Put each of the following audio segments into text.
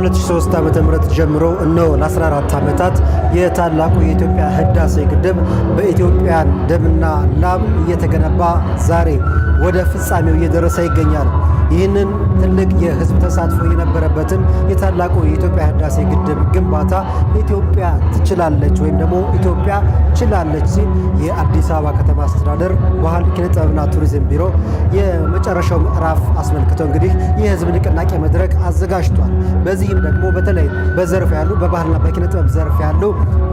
ከ ዓ.ም ዓ ም ጀምሮ እነሆ ለ14 ዓመታት የታላቁ የኢትዮጵያ ህዳሴ ግድብ በኢትዮጵያን ደምና ላብ እየተገነባ ዛሬ ወደ ፍጻሜው እየደረሰ ይገኛል። ይህንን ትልቅ የህዝብ ተሳትፎ የነበረበትን የታላቁ የኢትዮጵያ ህዳሴ ግድብ ግንባታ ኢትዮጵያ ትችላለች ወይም ደግሞ ኢትዮጵያ ችላለች ሲል የአዲስ አበባ ከተማ አስተዳደር ባህል ኪነጥበብና ቱሪዝም ቢሮ የመጨረሻው ምዕራፍ አስመልክቶ እንግዲህ የህዝብ ንቅናቄ መድረክ አዘጋጅቷል። በዚህም ደግሞ በተለይ በዘርፍ ያሉ በባህልና በኪነጥበብ ዘርፍ ያሉ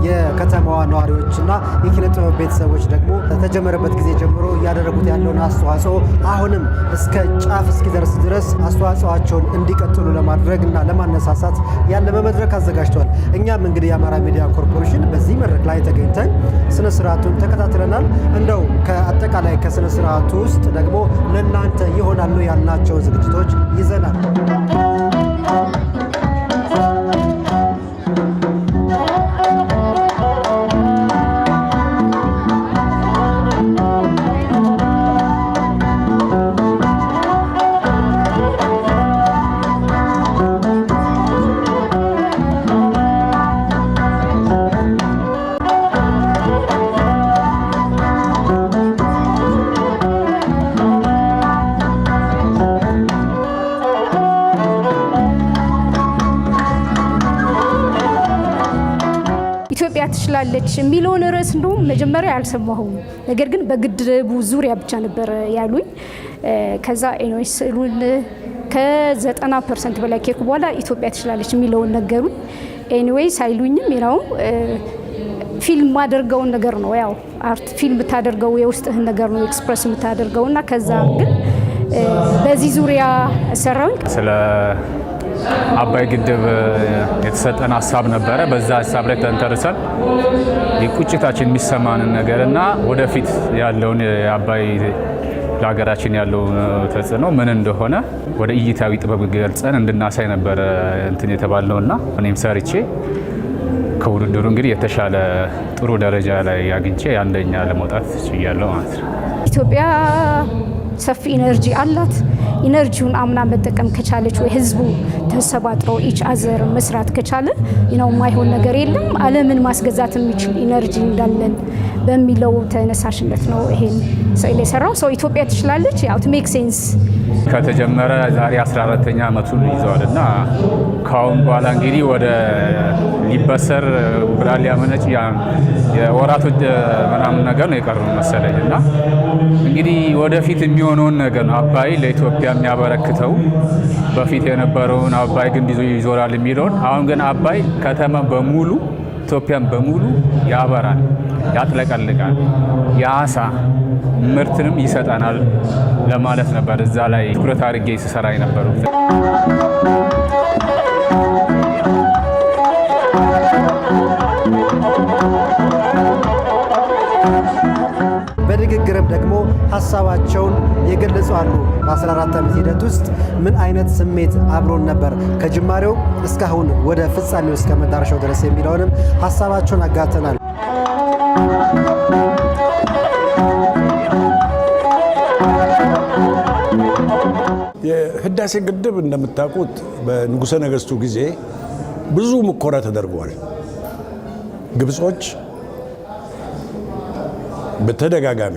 የከተማዋ ነዋሪዎችና የኪነጥበብ ቤተሰቦች ደግሞ ተጀመረበት ጊዜ ጀምሮ እያደረጉት ያለውን አስተዋጽኦ አሁንም እስከ ጫፍ እስኪደርስ ድረስ አስተዋጽኦአቸውን እንዲቀጥሉ ለማድረግና ለማነሳሳት ያለመ መድረክ አዘጋጅቷል። እኛም እንግዲህ የአማራ ሚዲያ ኮርፖሬሽን በዚህ መድረክ ላይ ተገኝተን ስነ ስርዓቱን ተከታትለናል። እንደው ከአጠቃላይ ከስነ ስርዓቱ ውስጥ ደግሞ ለእናንተ ይሆናሉ ያልናቸው ዝግጅቶች ይዘናል። ትችላለች የሚለውን ርዕስ እንደውም መጀመሪያ አልሰማሁም። ነገር ግን በግድቡ ዙሪያ ብቻ ነበር ያሉኝ። ከዛ ኤኖች ስዕሉን ከዘጠና ፐርሰንት በላይ ኬክ በኋላ ኢትዮጵያ ትችላለች የሚለውን ነገሩኝ። ኤኒዌይ ሳይሉኝም ነው ፊልም ማደርገውን ነገር ነው ያው አርት ፊልም የምታደርገው የውስጥህን ነገር ነው ኤክስፕረስ የምታደርገው እና ከዛ ግን በዚህ ዙሪያ ሰራውኝ ስለ አባይ ግድብ የተሰጠን ሀሳብ ነበረ። በዛ ሀሳብ ላይ ተንተርሰን የቁጭታችን የሚሰማንን ነገር እና ወደፊት ያለውን የአባይ ለሀገራችን ያለው ተጽዕኖ ምን እንደሆነ ወደ እይታዊ ጥበብ ገልጸን እንድናሳይ ነበረ እንትን የተባልነው እና እኔም ሰርቼ ከውድድሩ እንግዲህ የተሻለ ጥሩ ደረጃ ላይ አግኝቼ አንደኛ ለመውጣት ችያለው ማለት ነው። ኢትዮጵያ ሰፊ ኢነርጂ አላት። ኢነርጂውን አምና መጠቀም ከቻለች ወይ ህዝቡ ተሰባጥሮ ኢች አዘር መስራት ከቻለ ነው የማይሆን ነገር የለም። አለምን ማስገዛት የሚችል ኢነርጂ እንዳለን በሚለው ተነሳሽነት ነው ይሄን ስዕል የሰራው ሰው ኢትዮጵያ ትችላለች ያው ሜክ ሴንስ ከተጀመረ ዛሬ 14 ኛ ዓመቱን ይዘዋል እና ከአሁን በኋላ እንግዲህ ወደ ሊበሰር ብራ ሊያመነጭ የወራቶች ምናምን ነገር ነው የቀረው መሰለኝ እና እንግዲህ ወደፊት የሚሆነውን ነገር ነው አባይ ለኢትዮጵያ የሚያበረክተው በፊት የነበረውን አባይ ግንድ ይዞ ይዞራል የሚለውን አሁን ግን አባይ ከተማ በሙሉ ኢትዮጵያን በሙሉ ያበራል፣ ያጥለቀልቃል፣ የአሳ። ምርትንም ይሰጠናል ለማለት ነበር። እዛ ላይ ትኩረት አድርጌ ስሰራ የነበረው በንግግርም ደግሞ ሀሳባቸውን የገለጹ አሉ። በ14 ዓመት ሂደት ውስጥ ምን አይነት ስሜት አብሮን ነበር ከጅማሬው እስካሁን ወደ ፍጻሜው እስከ መዳረሻው ድረስ የሚለውንም ሀሳባቸውን አጋተናል። የህዳሴ ግድብ እንደምታውቁት በንጉሠ ነገሥቱ ጊዜ ብዙ ሙከራ ተደርጓል። ግብጾች በተደጋጋሚ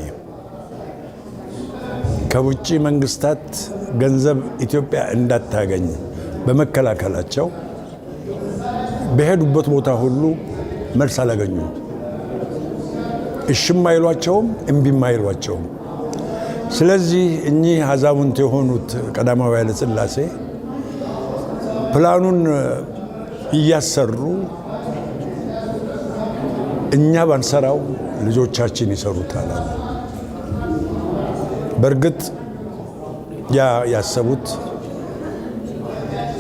ከውጭ መንግስታት ገንዘብ ኢትዮጵያ እንዳታገኝ በመከላከላቸው በሄዱበት ቦታ ሁሉ መልስ አላገኙም። እሽም አይሏቸውም፣ እምቢም አይሏቸውም። ስለዚህ እኚህ አዛውንት የሆኑት ቀዳማዊ ኃይለ ሥላሴ ፕላኑን እያሰሩ እኛ ባንሰራው ልጆቻችን ይሰሩታል። በእርግጥ ያ ያሰቡት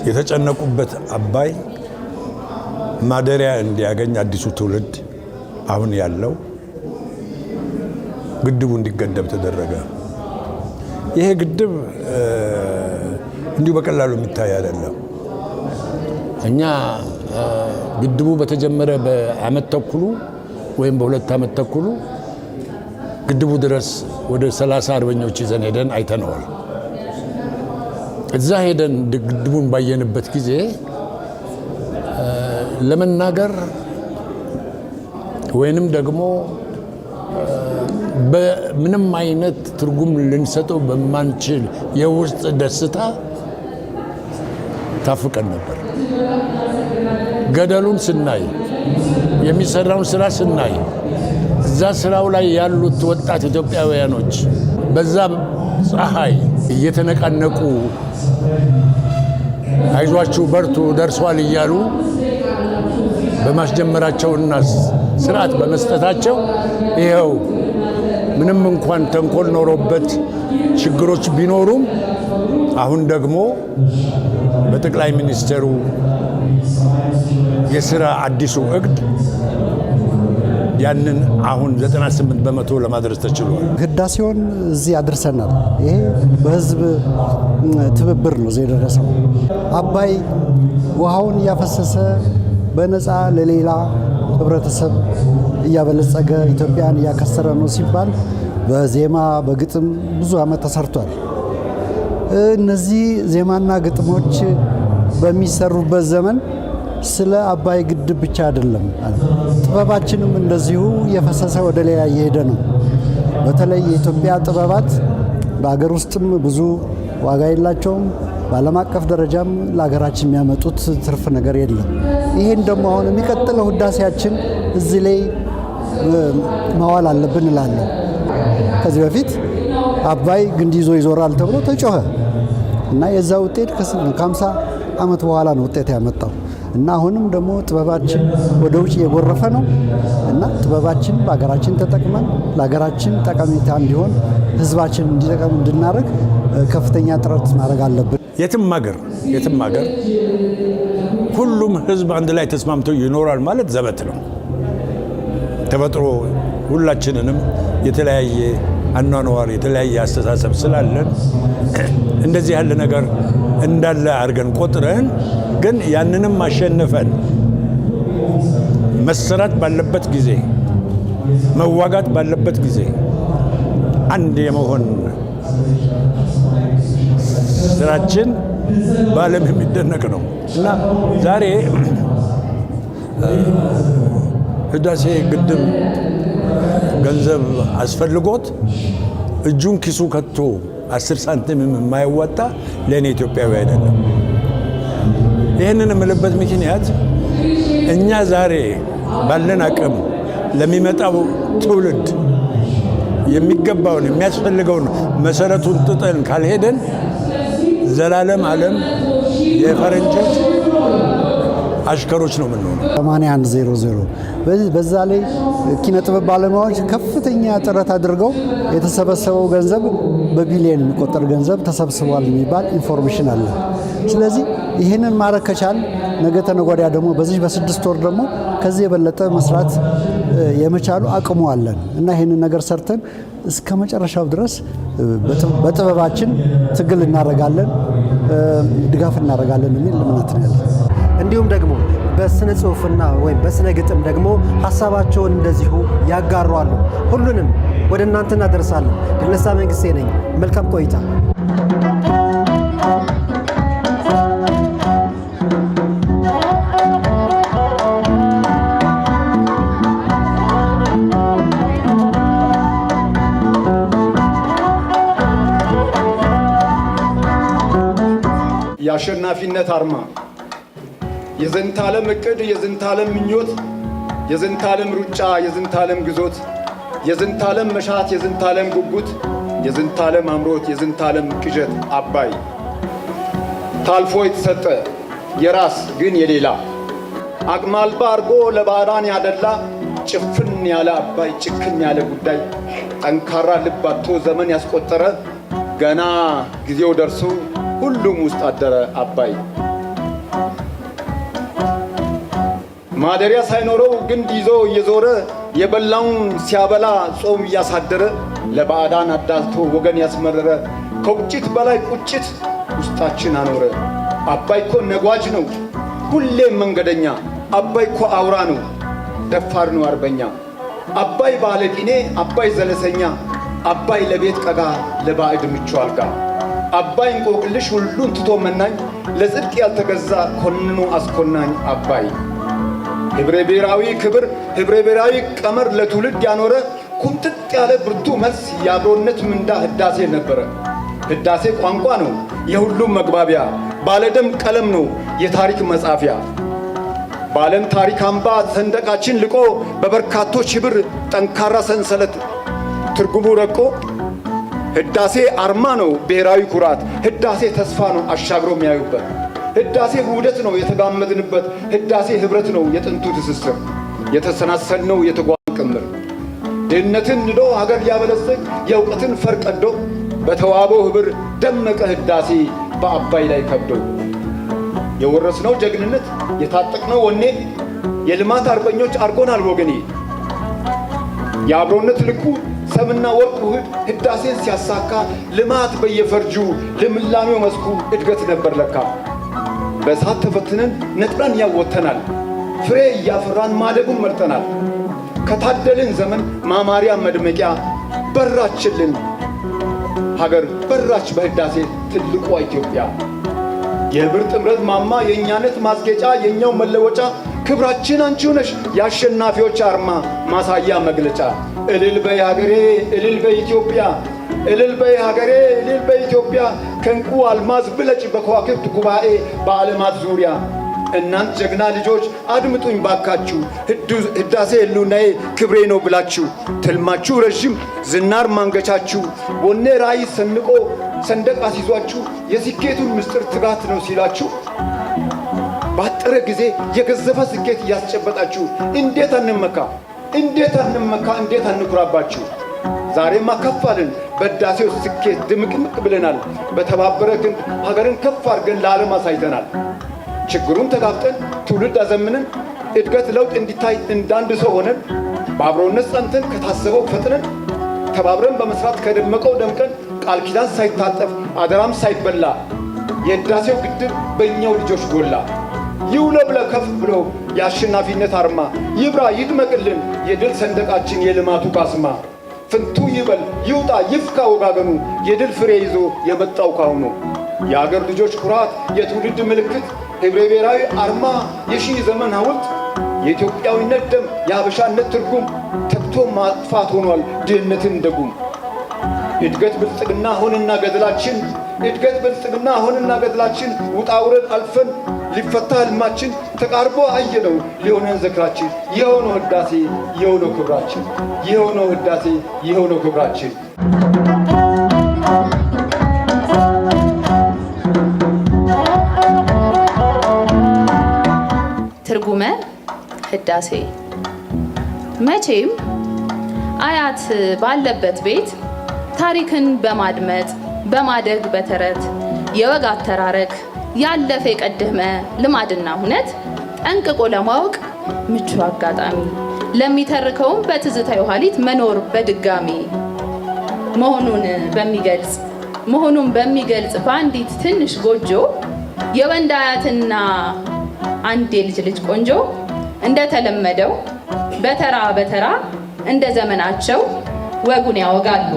የተጨነቁበት አባይ ማደሪያ እንዲያገኝ አዲሱ ትውልድ አሁን ያለው ግድቡ እንዲገደብ ተደረገ። ይሄ ግድብ እንዲሁ በቀላሉ የሚታይ አይደለም። እኛ ግድቡ በተጀመረ በአመት ተኩሉ ወይም በሁለት አመት ተኩሉ ግድቡ ድረስ ወደ 30 አርበኞች ይዘን ሄደን አይተነዋል። እዛ ሄደን ግድቡን ባየንበት ጊዜ ለመናገር ወይንም ደግሞ በምንም አይነት ትርጉም ልንሰጠው በማንችል የውስጥ ደስታ ታፍቀን ነበር። ገደሉን ስናይ፣ የሚሰራውን ስራ ስናይ፣ እዛ ስራው ላይ ያሉት ወጣት ኢትዮጵያውያኖች በዛ ፀሐይ እየተነቃነቁ አይዟችሁ በርቱ ደርሷል እያሉ በማስጀመራቸውና ስርዓት በመስጠታቸው ይኸው ምንም እንኳን ተንኮል ኖሮበት ችግሮች ቢኖሩም አሁን ደግሞ በጠቅላይ ሚኒስትሩ የስራ አዲሱ እቅድ ያንን አሁን 98 በመቶ ለማድረስ ተችሏል። ህዳሴውን እዚህ አድርሰናል። ይሄ በህዝብ ትብብር ነው እዚህ የደረሰው። አባይ ውሃውን እያፈሰሰ በነፃ ለሌላ ህብረተሰብ እያበለጸገ ኢትዮጵያን እያከሰረ ነው ሲባል በዜማ በግጥም ብዙ ዓመት ተሰርቷል። እነዚህ ዜማና ግጥሞች በሚሰሩበት ዘመን ስለ አባይ ግድብ ብቻ አይደለም፣ ጥበባችንም እንደዚሁ የፈሰሰ ወደ ሌላ እየሄደ ነው። በተለይ የኢትዮጵያ ጥበባት በአገር ውስጥም ብዙ ዋጋ የላቸውም። በዓለም አቀፍ ደረጃም ለሀገራችን የሚያመጡት ትርፍ ነገር የለም። ይህን ደግሞ አሁን የሚቀጥለው ህዳሴያችን እዚህ ላይ ማዋል አለብን እላለሁ። ከዚህ በፊት አባይ ግንድ ይዞ ይዞራል ተብሎ ተጮኸ እና የዛ ውጤት ከ50 ዓመት በኋላ ነው ውጤት ያመጣው እና አሁንም ደግሞ ጥበባችን ወደ ውጭ እየጎረፈ ነው እና ጥበባችን በሀገራችን ተጠቅመን ለሀገራችን ጠቀሜታ እንዲሆን ህዝባችን እንዲጠቀም እንድናደርግ ከፍተኛ ጥረት ማድረግ አለብን። የትም ሀገር የትም ሀገር ሁሉም ህዝብ አንድ ላይ ተስማምቶ ይኖራል ማለት ዘበት ነው። ተፈጥሮ ሁላችንንም የተለያየ አኗኗር የተለያየ አስተሳሰብ ስላለን እንደዚህ ያለ ነገር እንዳለ አድርገን ቆጥረን ግን ያንንም አሸንፈን መሰራት ባለበት ጊዜ መዋጋት ባለበት ጊዜ አንድ የመሆን ስራችን በዓለም የሚደነቅ ነው እና ዛሬ ህዳሴ ግድብ ገንዘብ አስፈልጎት እጁን ኪሱ ከቶ አስር ሳንቲም የማይዋጣ ለእኔ ኢትዮጵያዊ አይደለም። ይህንን የምልበት ምክንያት እኛ ዛሬ ባለን አቅም ለሚመጣው ትውልድ የሚገባውን የሚያስፈልገውን መሰረቱን ጥጠን ካልሄደን ዘላለም ዓለም የፈረንጆች አሽከሮች ነው የምንሆነው። 8100 በዛ ላይ ኪነ ጥበብ ባለሙያዎች ከፍተኛ ጥረት አድርገው የተሰበሰበው ገንዘብ በቢሊየን የሚቆጠር ገንዘብ ተሰብስቧል የሚባል ኢንፎርሜሽን አለ። ስለዚህ ይህንን ማድረግ ከቻል ነገ ተነጓዳ ደግሞ በዚህ በስድስት ወር ደግሞ ከዚህ የበለጠ መስራት የመቻሉ አቅሙ አለን እና ይህንን ነገር ሰርተን እስከ መጨረሻው ድረስ በጥበባችን ትግል እናደርጋለን፣ ድጋፍ እናደርጋለን የሚል እምነት ነው ያለን። እንዲሁም ደግሞ በስነ ጽሁፍና ወይም በስነ ግጥም ደግሞ ሀሳባቸውን እንደዚሁ ያጋሯሉ። ሁሉንም ወደ እናንተ እናደርሳለን። ድልነሳ መንግስቴ ነኝ። መልካም ቆይታ። የአሸናፊነት አርማ የዘንታለም ዕቅድ፣ የዘንታለም ምኞት፣ የዘንታለም ሩጫ፣ የዘንታለም ግዞት፣ የዘንታለም መሻት፣ የዘንታለም ጉጉት፣ የዘንታለም አምሮት፣ የዘንታለም ቅዠት አባይ ታልፎ የተሰጠ የራስ ግን የሌላ አቅም አልባ አድርጎ ለባዕዳን ያደላ ጭፍን ያለ አባይ ጭክን ያለ ጉዳይ ጠንካራ ልብ ዘመን ያስቆጠረ ገና ጊዜው ደርሶ ሁሉም ውስጥ አደረ አባይ። ማደሪያ ሳይኖረው ግንድ ይዞ እየዞረ የበላውን ሲያበላ ጾም እያሳደረ ለባዕዳን አዳቶ ወገን ያስመረረ ከቁጭት በላይ ቁጭት ውስጣችን አኖረ። አባይ እኮ ነጓጅ ነው ሁሌም መንገደኛ፣ አባይ እኮ አውራ ነው ደፋር ነው አርበኛ። አባይ ባለቂኔ አባይ ዘለሰኛ፣ አባይ ለቤት ቀጋ ለባዕድ ምቹ አልጋ። አባይ እንቆቅልሽ ሁሉን ትቶ መናኝ፣ ለጽድቅ ያልተገዛ ኮንኑ አስኮናኝ አባይ ህብረ ብሔራዊ ክብር፣ ህብረ ብሔራዊ ቀመር ለትውልድ ያኖረ ቁምጥጥ ያለ ብርቱ መልስ የአብሮነት ምንዳ ህዳሴ ነበረ። ህዳሴ ቋንቋ ነው የሁሉም መግባቢያ፣ ባለደም ቀለም ነው የታሪክ መጻፊያ። በዓለም ታሪክ አምባ ሰንደቃችን ልቆ በበርካቶች ህብር ጠንካራ ሰንሰለት ትርጉሙ ረቆ ህዳሴ አርማ ነው ብሔራዊ ኩራት፣ ህዳሴ ተስፋ ነው አሻግሮ የሚያዩበት ህዳሴ ውህደት ነው የተጋመድንበት። ህዳሴ ህብረት ነው የጥንቱ ትስስር የተሰናሰልነው የተጓን ቅምር ድህነትን ንዶ ሀገር ያበለጽግ የእውቀትን ፈርቀዶ በተዋበው ህብር ደመቀ ህዳሴ በአባይ ላይ ከብዶ የወረስነው ጀግንነት የታጠቅነው ወኔ የልማት አርበኞች አድርጎናል ወገኔ የአብሮነት ልኩ ሰምና ወርቅ ውህድ ህዳሴን ሲያሳካ ልማት በየፈርጁ ልምላሜው መስኩ እድገት ነበር ለካ። በእሳት ተፈትነን ነጥረን ያወተናል። ፍሬ እያፈራን ማደጉን መርጠናል። ከታደልን ዘመን ማማሪያ መድመቂያ በራችልን ሀገር በራች በህዳሴ ትልቋ ኢትዮጵያ የብር ጥምረት ማማ የእኛነት ማስጌጫ የእኛው መለወጫ ክብራችን አንቺው ነሽ የአሸናፊዎች አርማ ማሳያ መግለጫ እልል በይ ሀገሬ እልል በይ ኢትዮጵያ እልል በይ ሀገሬ እልል በይ ኢትዮጵያ ከእንቁ አልማዝ ብለጭ በከዋክብት ጉባኤ በዓለማት ዙሪያ እናንት ጀግና ልጆች አድምጡኝ ባካችሁ፣ ህዳሴ ህሉናዬ ክብሬ ነው ብላችሁ ትልማችሁ ረዥም ዝናር ማንገቻችሁ ወኔ ራዕይ ሰንቆ ሰንደቅ አስይዟችሁ የስኬቱን ምስጢር ትጋት ነው ሲላችሁ ባጠረ ጊዜ የገዘፈ ስኬት እያስጨበጣችሁ እንዴት አንመካ እንዴት አንመካ እንዴት አንኩራባችሁ ዛሬም አከፋልን። በዳሴው ስኬት ድምቅምቅ ብለናል። በተባበረ ክንድ ሀገርን ከፍ አድርገን ለዓለም አሳይተናል። ችግሩን ተጋፍጠን ትውልድ አዘምነን እድገት ለውጥ እንዲታይ እንዳንድ ሰው ሆነን በአብሮነት ጸንተን ከታሰበው ፈጥነን ተባብረን በመስራት ከደመቀው ደምቀን ቃል ኪዳን ሳይታጠፍ አደራም ሳይበላ የህዳሴው ግድብ በእኛው ልጆች ጎላ። ይውለብለ ከፍ ብሎ የአሸናፊነት አርማ ይብራ ይድመቅልን የድል ሰንደቃችን የልማቱ ባስማ ፍንቱ ይበል ይውጣ ይፍካ ወጋገኑ የድል ፍሬ ይዞ የመጣው ካሁኑ የአገር ልጆች ኩራት የትውልድ ምልክት ህብረ ብሔራዊ አርማ የሺህ ዘመን ሐውልት የኢትዮጵያዊነት ደም የአበሻነት ትርጉም ተግቶ ማጥፋት ሆኗል ድህነትን ደጉም እድገት ብልጽግና ሆንና ገድላችን እድገት ብልጽግና አሁንና ገድላችን ውጣ ውረድ አልፈን ሊፈታ ህልማችን ተቃርቦ አየነው ሊሆነን ዘክራችን የሆነው ህዳሴ የሆነው ክብራችን የሆነው ህዳሴ የሆነው ክብራችን ትርጉመ ህዳሴ መቼም አያት ባለበት ቤት ታሪክን በማድመጥ በማደግ በተረት የወግ አተራረክ ያለፈ የቀደመ ልማድና ሁነት ጠንቅቆ ለማወቅ ምቹ አጋጣሚ ለሚተርከውም በትዝታ የኋሊት መኖር በድጋሚ መሆኑን በሚገልጽ መሆኑን በሚገልጽ በአንዲት ትንሽ ጎጆ የወንድ አያትና አንድ የልጅ ልጅ ቆንጆ እንደተለመደው በተራ በተራ እንደ ዘመናቸው ወጉን ያወጋሉ።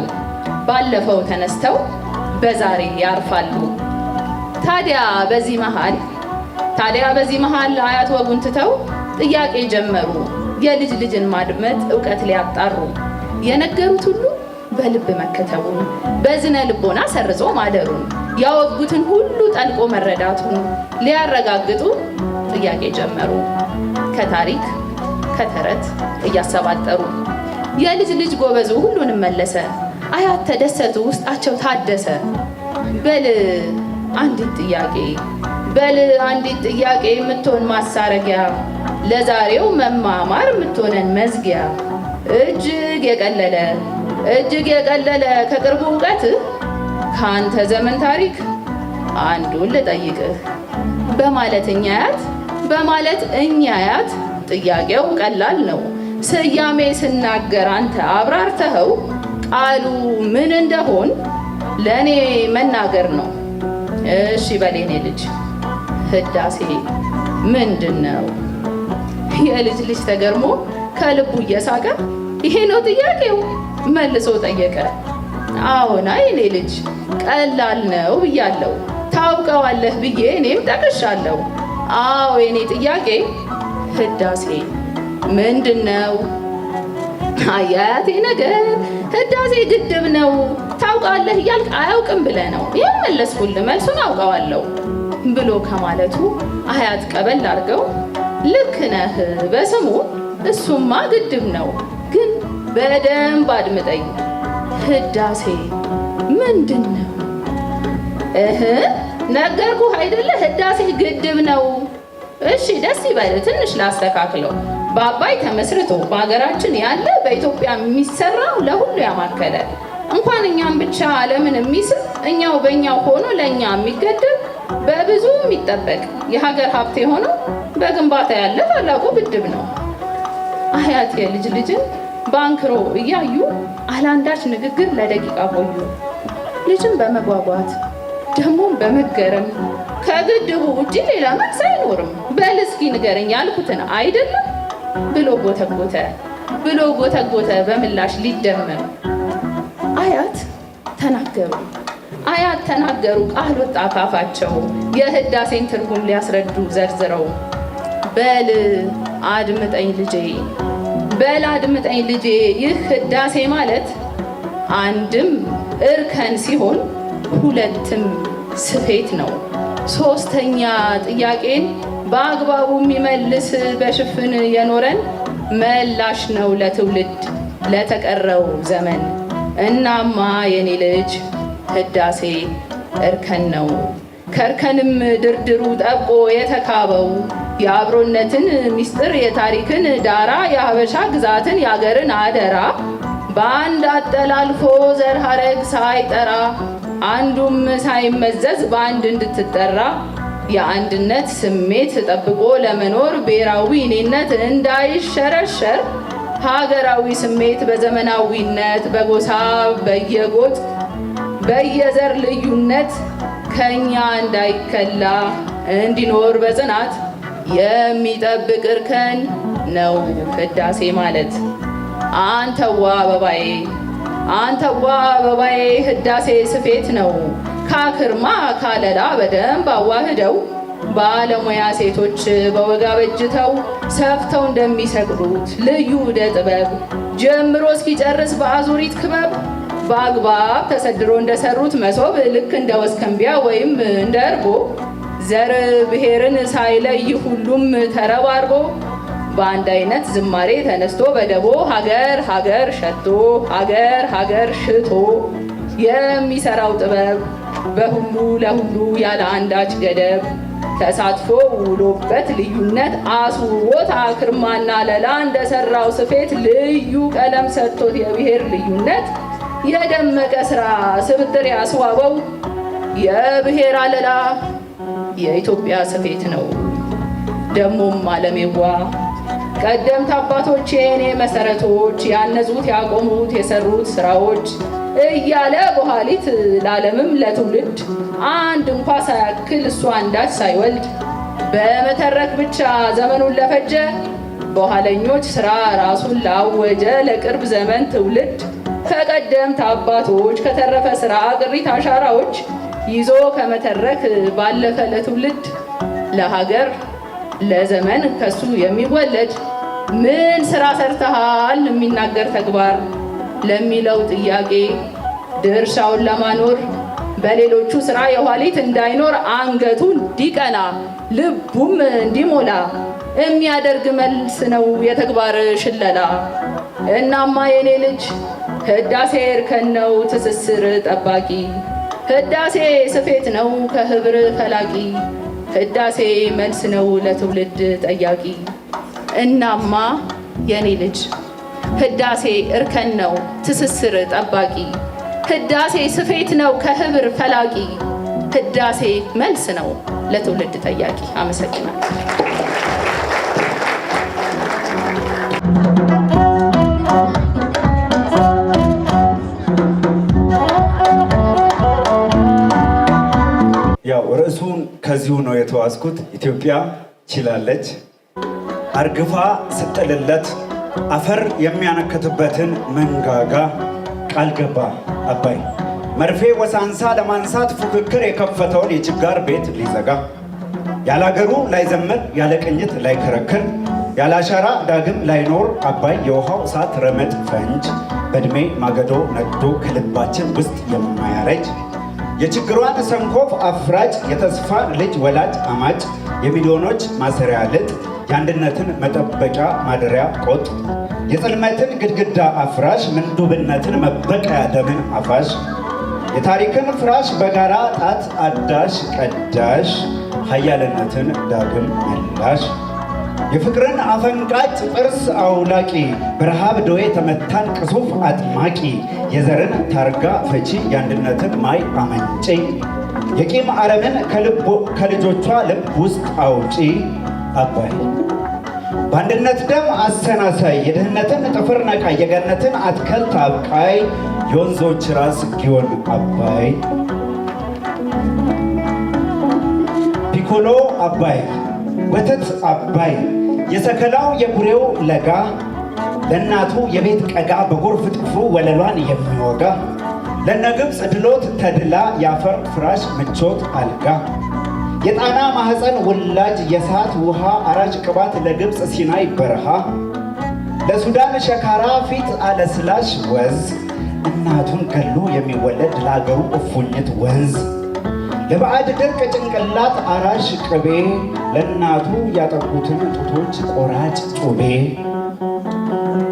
ባለፈው ተነስተው በዛሬ ያርፋሉ። ታዲያ በዚህ መሃል ታዲያ በዚህ መሃል አያት ወጉን ትተው ጥያቄ ጀመሩ። የልጅ ልጅን ማድመጥ እውቀት ሊያጣሩ የነገሩት ሁሉ በልብ መከተቡን በዝነ ልቦና ሰርጾ ማደሩን ያወጉትን ሁሉ ጠልቆ መረዳቱን ሊያረጋግጡ ጥያቄ ጀመሩ። ከታሪክ ከተረት እያሰባጠሩ የልጅ ልጅ ጎበዙ ሁሉንም መለሰ። አያት ተደሰቱ፣ ውስጣቸው ታደሰ። በል አንዲት ጥያቄ በል አንዲት ጥያቄ የምትሆን ማሳረጊያ ለዛሬው መማማር የምትሆነን መዝጊያ እጅግ የቀለለ እጅግ የቀለለ ከቅርቡ እውቀት ከአንተ ዘመን ታሪክ አንዱን ልጠይቅህ በማለት እኛ አያት በማለት እኛ አያት ጥያቄው ቀላል ነው ስያሜ ስናገር አንተ አብራርተኸው አሉ። ምን እንደሆን ለእኔ መናገር ነው። እሺ በሌኔ ልጅ ህዳሴ ምንድን ነው? የልጅ ልጅ ተገርሞ ከልቡ እየሳቀ ይሄ ነው ጥያቄው መልሶ ጠየቀ። አዎና የኔ ልጅ ቀላል ነው ብያለው፣ ታውቀዋለህ ብዬ እኔም ጠቅሻለሁ። አዎ የኔ ጥያቄ ህዳሴ ምንድን ነው? አያቴ ነገር ህዳሴ ግድብ ነው ታውቃለህ እያልክ አያውቅም ብለህ ነው የመለስኩልህ። መልሱን አውቀዋለሁ ብሎ ከማለቱ አህያት ቀበል አድርገው ልክ ነህ፣ በስሙ እሱማ ግድብ ነው። ግን በደንብ አድምጠኝ፣ ህዳሴ ምንድን ነው? እህ ነገርኩህ አይደለ? ህዳሴ ግድብ ነው። እሺ ደስ ይበል። ትንሽ ላስተካክለው በአባይ ተመስርቶ በሀገራችን ያለ በኢትዮጵያ የሚሰራ ለሁሉ ያማከለ እንኳን እኛም ብቻ ዓለምን የሚስብ እኛው በእኛው ሆኖ ለእኛ የሚገደብ በብዙ የሚጠበቅ የሀገር ሀብት የሆነው በግንባታ ያለ ታላቁ ግድብ ነው። አያት የልጅ ልጅን በአንክሮ እያዩ አላንዳች ንግግር ለደቂቃ ቆዩ። ልጅን በመጓጓት ደግሞም በመገረም ከግድቡ ውጭ ሌላ መልስ አይኖርም። በል እስኪ ንገረኝ ያልኩትን አይደለም ብሎ ጎተጎተ ብሎ ጎተጎተ በምላሽ ሊደመም አያት ተናገሩ አያት ተናገሩ ቃል ወጣ ካፋቸው የህዳሴን ትርጉም ሊያስረዱ ዘርዝረው በል አድምጠኝ ልጄ በል አድምጠኝ ልጄ ይህ ህዳሴ ማለት አንድም እርከን ሲሆን ሁለትም ስፌት ነው ሶስተኛ ጥያቄን በአግባቡ የሚመልስ በሽፍን የኖረን መላሽ ነው ለትውልድ ለተቀረው ዘመን። እናማ የኔ ልጅ ህዳሴ እርከን ነው ከእርከንም ድርድሩ ጠብቆ የተካበው የአብሮነትን ምስጢር የታሪክን ዳራ የሀበሻ ግዛትን የአገርን አደራ በአንድ አጠላልፎ ዘር ሀረግ ሳይጠራ አንዱም ሳይመዘዝ በአንድ እንድትጠራ የአንድነት ስሜት ጠብቆ ለመኖር ብሔራዊ እኔነት እንዳይሸረሸር ሀገራዊ ስሜት በዘመናዊነት በጎሳ በየጎጥ በየዘር ልዩነት ከኛ እንዳይከላ እንዲኖር በጽናት የሚጠብቅ እርከን ነው ህዳሴ ማለት። አንተዋ አበባዬ አንተዋ አበባዬ ህዳሴ ስፌት ነው ካክርማ ካለላ በደንብ አዋህደው ባለሙያ ሴቶች በወጋ በጅተው ሰፍተው እንደሚሰቅሉት ልዩ እደ ጥበብ ጀምሮ እስኪጨርስ በአዙሪት ክበብ በአግባብ ተሰድሮ እንደሰሩት መሶብ ልክ እንደ ወስከንቢያ ወይም እንደ እርጎ ዘር ብሔርን ሳይለይ ሁሉም ተረባርቦ በአንድ አይነት ዝማሬ ተነስቶ በደቦ ሀገር ሀገር ሸቶ ሀገር ሀገር ሽቶ የሚሰራው ጥበብ በሁሉ ለሁሉ ያለ አንዳች ገደብ ተሳትፎ ውሎበት ልዩነት አስውቦት አክርማና ለላ እንደሰራው ስፌት ልዩ ቀለም ሰጥቶት የብሔር ልዩነት የደመቀ ስራ ስብጥር ያስዋበው የብሔር አለላ የኢትዮጵያ ስፌት ነው። ደሞም አለሜዋ ቀደምት አባቶች እኔ መሰረቶች ያነጹት ያቆሙት የሰሩት ስራዎች እያለ በኋሊት ለዓለምም ለትውልድ አንድ እንኳ ሳያክል እሱ አንዳች ሳይወልድ በመተረክ ብቻ ዘመኑን ለፈጀ በኋለኞች ስራ ራሱን ላወጀ ለቅርብ ዘመን ትውልድ ከቀደምት አባቶች ከተረፈ ስራ ቅሪት አሻራዎች ይዞ ከመተረክ ባለፈ ለትውልድ ለሀገር ለዘመን ከሱ የሚወለድ ምን ስራ ሰርተሃል የሚናገር ተግባር ለሚለው ጥያቄ ድርሻውን ለማኖር በሌሎቹ ስራ የኋሊት እንዳይኖር አንገቱ እንዲቀና ልቡም እንዲሞላ የሚያደርግ መልስ ነው የተግባር ሽለላ። እናማ የኔ ልጅ ህዳሴ እርከን ነው ትስስር ጠባቂ፣ ህዳሴ ስፌት ነው ከህብር ፈላቂ፣ ህዳሴ መልስ ነው ለትውልድ ጠያቂ። እናማ የኔ ልጅ ህዳሴ እርከን ነው ትስስር ጠባቂ፣ ህዳሴ ስፌት ነው ከህብር ፈላቂ፣ ህዳሴ መልስ ነው ለትውልድ ጠያቂ። አመሰግናለሁ። ያው ርዕሱን ከዚሁ ነው የተዋዝኩት። ኢትዮጵያ ችላለች አርግፋ ስጥልለት አፈር የሚያነክትበትን መንጋጋ ቃል ገባ አባይ መርፌ ወሳንሳ ለማንሳት ፉክክር የከፈተውን የችጋር ቤት ሊዘጋ ያለ አገሩ ላይዘምር ያለ ቅኝት ላይከረክር ያለ አሻራ ዳግም ላይኖር አባይ የውሃው እሳት ረመጥ ፈንጅ በእድሜ ማገዶ ነዶ ከልባችን ውስጥ የማያረጅ የችግሯን ሰንኮፍ አፍራጭ የተስፋ ልጅ ወላጅ አማጭ የሚሊዮኖች ማሰሪያ ልጥ የአንድነትን መጠበቂያ ማደሪያ ቆጥ፣ የጽልመትን ግድግዳ አፍራሽ፣ ምንዱብነትን መበቀያ ደምን አፋሽ፣ የታሪክን ፍራሽ በጋራ ጣት አዳሽ ቀዳሽ፣ ሀያልነትን ዳግም መላሽ፣ የፍቅርን አፈንቃጭ ጥርስ አውላቂ፣ በረሃብ ደዌ ተመታን ቅሱፍ አጥማቂ፣ የዘርን ታርጋ ፈቺ፣ የአንድነትን ማይ አመንጪ፣ የቂም አረምን ከልጆቿ ልብ ውስጥ አውጪ አባይ በአንድነት ደም አሰናሳይ የድህነትን ጥፍር ነቃ የገነትን አትክልት አብቃይ የወንዞች ራስ ጊዮን አባይ ፒኮሎ አባይ ወተት አባይ የሰከላው የቡሬው ለጋ ለእናቱ የቤት ቀጋ በጎርፍ ጥፉ ወለሏን የሚወጋ ለነግብፅ ድሎት ተድላ የአፈር ፍራሽ ምቾት አልጋ የጣና ማህፀን ውላጅ የእሳት ውሃ አራጅ ቅባት ለግብፅ ሲናይ በረሃ ለሱዳን ሸካራ ፊት አለስላሽ ወዝ እናቱን ገሎ የሚወለድ ለአገሩ እፉኝት ወንዝ ለባዕድ ድርቅ ጭንቅላት አራሽ ቅቤ ለእናቱ ያጠቁትን ጡቶች ቆራጭ ጩቤ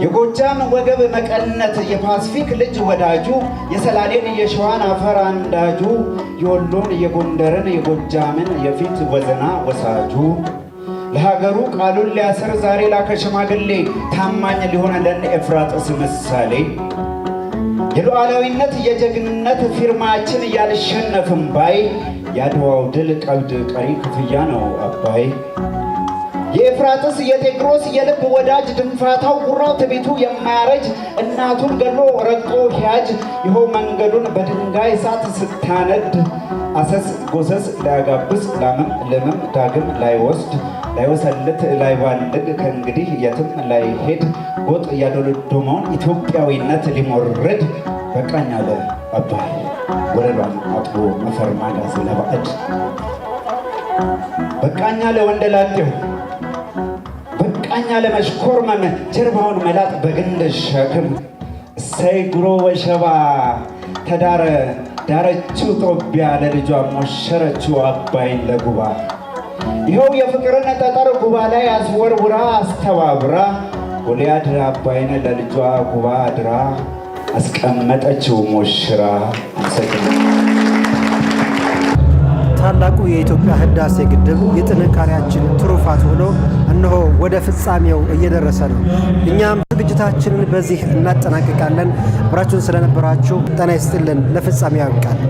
የጎጃም ወገብ መቀነት የፓስፊክ ልጅ ወዳጁ የሰላሌን የሸዋን አፈር አንዳጁ የወሎን የጎንደርን የጎጃምን የፊት ወዘና ወሳጁ ለሀገሩ ቃሉን ሊያስር ዛሬ ላከ ሽማግሌ ታማኝ ለን ኤፍራጥስ ምሳሌ የሉዓላዊነት የጀግንነት ፊርማችን ያልሸነፍም ባይ ያድዋው ድል ቀብድ ቀሪ ክፍያ ነው አባይ የኤፍራጥስ የጤግሮስ የልብ ወዳጅ ድንፋታው ጉራው ትቢቱ የማያረጅ እናቱን ገሎ ረግጦ ሂያጅ ይኸው መንገዱን በድንጋይ እሳት ስታነድ አሰስ ጎሰስ ላያጋብስ ላምም ልምም ዳግም ላይወስድ ላይወሰልት ላይባልግ ከእንግዲህ የትም ላይሄድ ጎጥ እያዶለዶመውን ኢትዮጵያዊነት ሊሞርድ በቃኝ አለ አባይ ወረዷን አጥቦ መፈርማዳ ስለባዕድ በቃኛ ለወንደላጤው ቀኝ አለመሽኮርመም ጀርባውን መላጥ በግንድ ሸክም እሰይ ጉሮ ወሸባ ተዳረ ዳረችው ጦቢያ ለልጇ ሞሸረችው አባይን ለጉባ ይኸው የፍቅርን ጠጠር ጉባ ላይ አስወርውራ አስተባብራ ጎልያድ አባይን ለልጇ ጉባ አድራ አስቀመጠችው ሞሽራ። አመሰግናለሁ። ታላቁ የኢትዮጵያ ህዳሴ ግድብ የጥንካሬያችን ትሩፋት ሆኖ እነሆ ወደ ፍጻሜው እየደረሰ ነው። እኛም ዝግጅታችንን በዚህ እናጠናቅቃለን። አብራችሁን ስለነበራችሁ ጤና ይስጥልን። ለፍጻሜ ያብቃል።